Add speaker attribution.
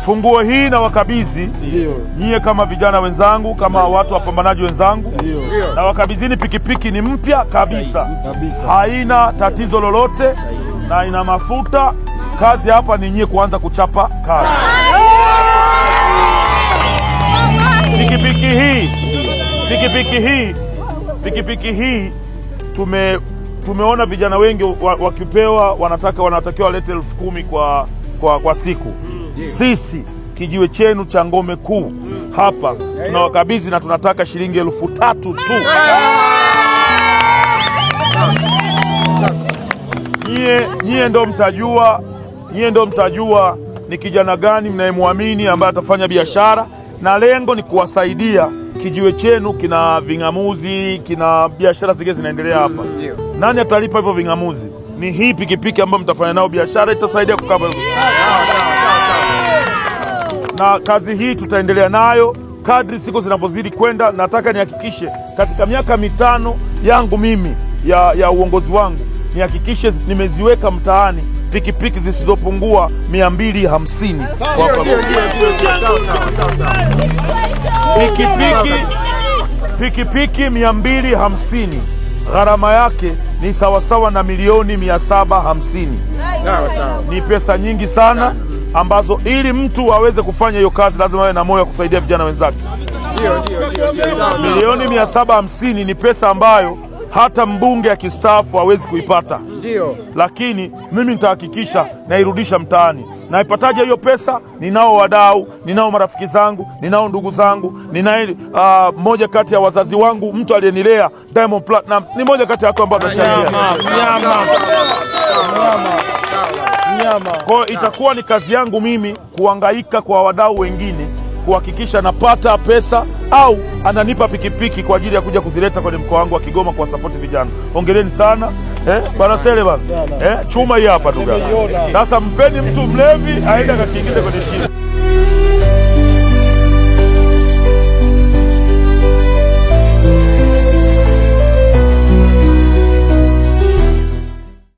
Speaker 1: funguo hii na wakabizi nyie kama vijana wenzangu, kama watu wapambanaji wenzangu, na wakabizini pikipiki. Ni mpya kabisa, haina tatizo lolote na ina mafuta. Kazi hapa ni nyie kuanza kuchapa kazi. Pikipiki hii pikipiki hii pikipiki hii tume tumeona vijana wengi wakipewa, wanataka wanatakiwa walete elfu kumi kwa, kwa, kwa siku sisi kijiwe chenu cha ngome kuu hapa tunawakabidhi na tunataka shilingi elfu tatu tu. Nyie nyie ndo mtajua, nyie ndo mtajua ni kijana gani mnayemwamini ambaye atafanya biashara, na lengo ni kuwasaidia kijiwe chenu kina ving'amuzi, kina biashara zingine zinaendelea hapa. Nani atalipa hivyo ving'amuzi? Ni hii pikipiki ambayo mtafanya nao biashara, itasaidia kukava hivyo na kazi hii tutaendelea nayo kadri siku zinavyozidi kwenda. Nataka nihakikishe katika miaka mitano yangu mimi ya, ya uongozi wangu nihakikishe nimeziweka mtaani pikipiki zisizopungua mia mbili hamsini pikipiki mia mbili hamsini gharama yake ni sawasawa na milioni mia saba hamsini. Ni pesa nyingi sana ambazo ili mtu aweze kufanya hiyo kazi lazima awe na moyo wa kusaidia vijana wenzake. Milioni mia saba hamsini ni pesa ambayo hata mbunge akistaafu hawezi kuipata. Ndio. Lakini mimi nitahakikisha nairudisha mtaani. Naipataje hiyo pesa? Ninao wadau, ninao marafiki zangu, ninao ndugu zangu, ninaye mmoja ah, kati ya wazazi wangu, mtu aliyenilea Diamond Platnumz ni moja kati ya watu ambao tunachangia. Kwa hiyo itakuwa ni kazi yangu mimi kuangaika kwa wadau wengine kuhakikisha napata pesa au ananipa pikipiki kwa ajili ya kuja kuzileta kwenye mkoa wangu wa Kigoma kuwasapoti vijana. Hongereni sana eh, Barasele bana eh, chuma hii hapa ndugu. Sasa mpeni mtu mlevi aende akakiingize kwenye chini.